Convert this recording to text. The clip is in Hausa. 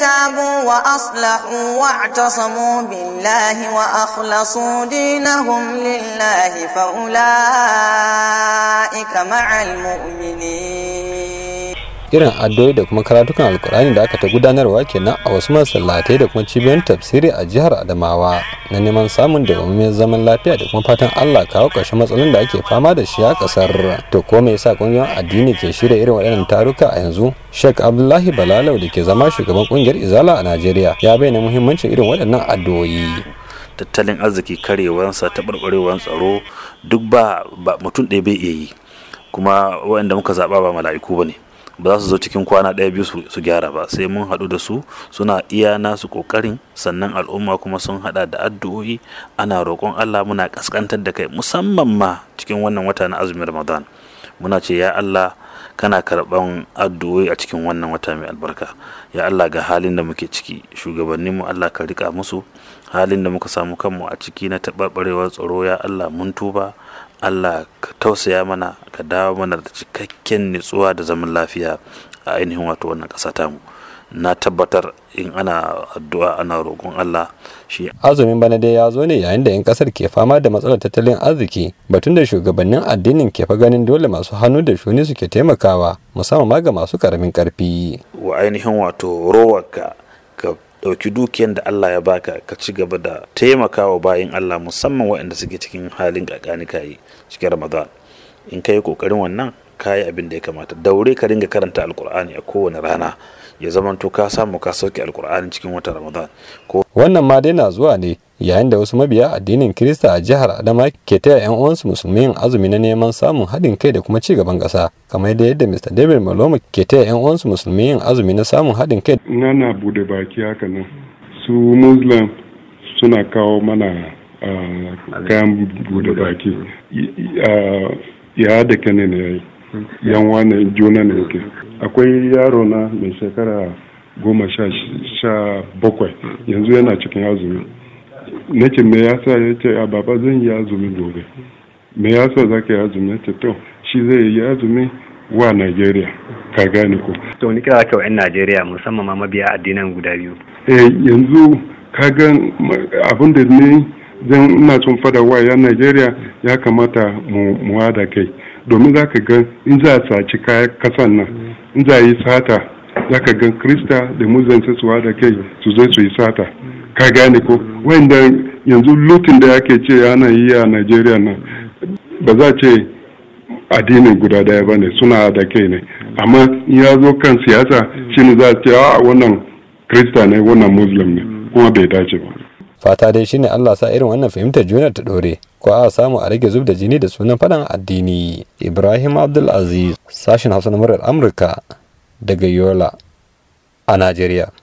تابوا وأصلحوا واعتصموا بالله وأخلصوا دينهم لله فأولئك مع المؤمنين irin addu'o'i da kuma karatukan alkur'ani da aka ta gudanarwa kenan a wasu masallatai da kuma cibiyoyin tafsiri a jihar adamawa na neman samun dawamammen zaman lafiya da kuma fatan allah kawo ƙarshen matsalolin da ake fama da shi a ƙasar to ko me yasa addini ke shirya irin waɗannan taruka a yanzu shek abdullahi balalau da ke zama shugaban ƙungiyar izala a najeriya ya bayyana muhimmancin irin waɗannan addu'o'i tattalin arziki karewarsa barbarewar tsaro duk ba mutum ɗaya bai iya yi kuma waɗanda muka zaɓa ba mala'iku ba ne ba za su zo cikin kwana ɗaya biyu su gyara ba sai mun haɗu da su suna iya nasu ƙoƙarin sannan al'umma kuma sun haɗa da addu'o'i ana roƙon Allah muna ƙasƙantar da kai musamman ma cikin wannan wata na azumin Ramadan muna ce ya Allah kana karɓan addu'o'i a cikin wannan wata mai albarka ya Allah ga halin da muke ciki shugabanninmu Allah ka rika musu halin da muka samu kanmu a ciki na taɓarɓarewar tsaro ya Allah mun tuba Allah ka tausaya mana ka dawo mana da cikakken nutsuwa da zaman lafiya a ainihin wato wannan ƙasa tamu mu na tabbatar in ana addu'a ana roƙon Allah shi azumin bana dai ya zo ne yayin da 'yan kasar ke fama da matsalar tattalin arziki batun da shugabannin addinin ke fa ganin dole masu hannu da shuni suke taimakawa musamman ma ga masu karamin karfi wa ainihin wato rowarka ka ɗauki dukiyan da Allah ya baka ka ci gaba da taimakawa bayan Allah musamman waɗanda suke cikin halin ƙaƙani kayi cikin Ramadan in kai kokarin wannan kayi abin da ya kamata daure ka ringa karanta alkur'ani a kowane rana ya zamanto ka samu ka sauke alkur'ani cikin wata ramadan ko wannan ma dai na zuwa ne yayin da wasu mabiya addinin kirista a jihar adama ke taya yan uwansu musulmi azumi na neman samun haɗin kai da kuma ci gaban ƙasa kamar yadda yadda mr david maloma ke taya yan uwansu musulmi azumi na samun haɗin kai nana bude baki haka nan su muslim suna kawo mana ah, kayan bude baki ya da kane ne yayi yan wane juna ne yake akwai yaro na mai shekara goma sha bakwai yanzu yana cikin azumi nake me yasa ya ce a baba zan yi azumi gobe me yasa za ka yi azumi ya ce to shi zai yi azumi wa nigeria ka gane ko. To ni kira ka 'yan nigeria musamman ma mabiya addinan guda biyu. Eh yanzu ka ga abin da ne zan ina tun fada wa 'yan nigeria ya kamata mu muwada kai. domin za ka ga in za a saci kasan nan in za a yi sata za ka gan krista da muzan sai su da kai su zai su yi sata ka gane ko wanda yanzu lutin da ake ce ana yi a nigeria nan ba za ce addinin guda daya ba ne suna da kai ne amma ya zo kan siyasa shi ne za a ce a ah, wannan krista ne wannan muslim ne kuma bai dace ba fata dai shine Allah sa irin wannan fahimtar junar ta dore ko a samu a rage zub da jini da sunan fadan addini Ibrahim Abdul Aziz sashin Hausa na Amurka daga Yola a Najeriya